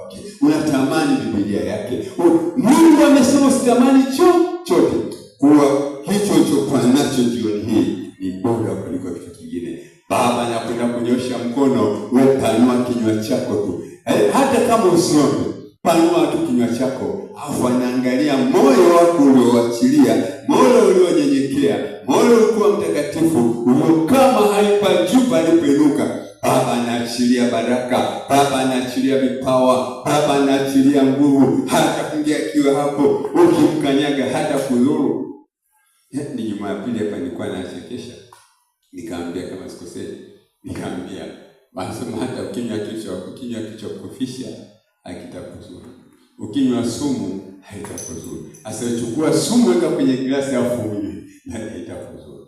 wake, unatamani Biblia yake. Mungu amesema usitamani chochote, kuwa hicho ulichokuwa nacho jioni hii ni bora kuliko kitu kingine. Baba anakwenda kunyosha mkono, we panua kinywa chako tu, eh, hata kama usiombe, panua tu kinywa chako, afu anaangalia moyo wako ulioachilia, moyo ulionyenyekea, moyo ulikuwa mtakatifu, uliokaa mahali pa juu palipoinuka Baba anaachilia baraka, Baba anaachilia vipawa, Baba anaachilia nguvu, hata kuingia akiwa hapo ukimkanyaga hata kudhuru. Eh, ni Jumapili hapa nilikuwa nachekesha, nikaambia kama sikosei, nikaambia wanasema hata ukinywa kichwa ukinywa kichwa kufisha akitakuzuru ukinywa sumu haitakuzuru. Sasa sumu, weka kwenye glasi afu unywe, na haitakuzuru.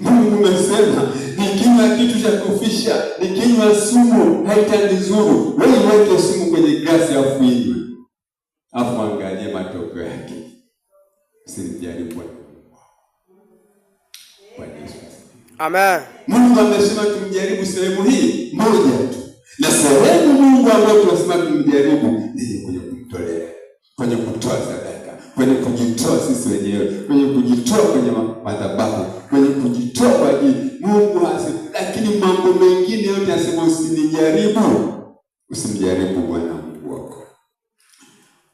Mungu umesema ni kinywa kitu cha kufisha, ni kinywa sumu, haitanizuru. Wewe iweke sumu kwenye glasi afu inywe, afu angalie matokeo yake. Usimjaribu Bwana Amen. Mungu amesema tumjaribu sehemu hii moja tu, na sehemu Mungu ambayo tunasema tumjaribu ni kwenye kumtolea, kwenye kutoa sadaka, kwenye kujitoa sisi wenyewe, kwenye kujitoa kwenye madhabahu mengine yote asema usinijaribu, usimjaribu Bwana Mungu wako.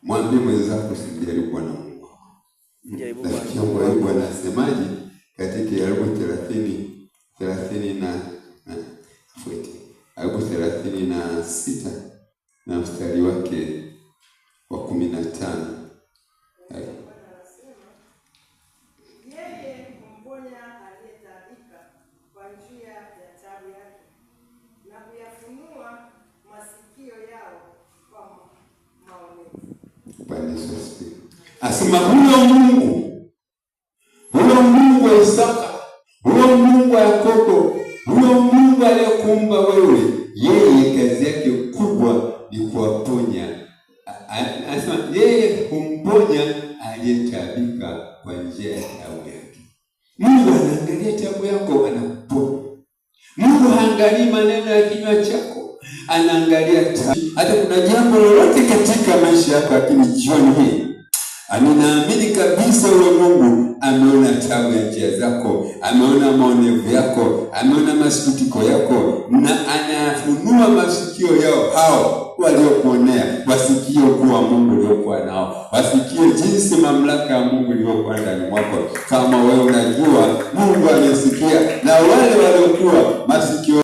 Mwambie mwenzako usimjaribu Bwana Mungu wako. Rafiki yangu Ayubu anasemaje katika Ayubu thelathini thelathini na Ayubu thelathini na sita na mstari wake wa kumi na tano Yesu asifiwe. Asema huyo Mungu, huyo Mungu wa Isaka, huyo Mungu wa Yakobo, huyo Mungu aliyekuumba wewe, yeye kazi yake kubwa ni kuwaponya. Anasema yeye humponya aliyetaabika kwa njia ya taabu yake. Mungu anaangalia taabu yako, anakuponya. Mungu haangalii maneno ya kinywa chako anaangalia hata kuna jambo lolote katika maisha yako, lakini jioni hii ninaamini kabisa ule Mungu ameona tabu ya njia zako, ameona maonevu yako, ameona masikitiko yako, na anafunua masikio yao hao waliokuonea, wasikie ukuu wa Mungu uliokuwa nao, wasikie jinsi mamlaka ya Mungu iliyokuwa ndani mwako. Kama wewe unajua Mungu alisikia, na wale waliokuwa masikio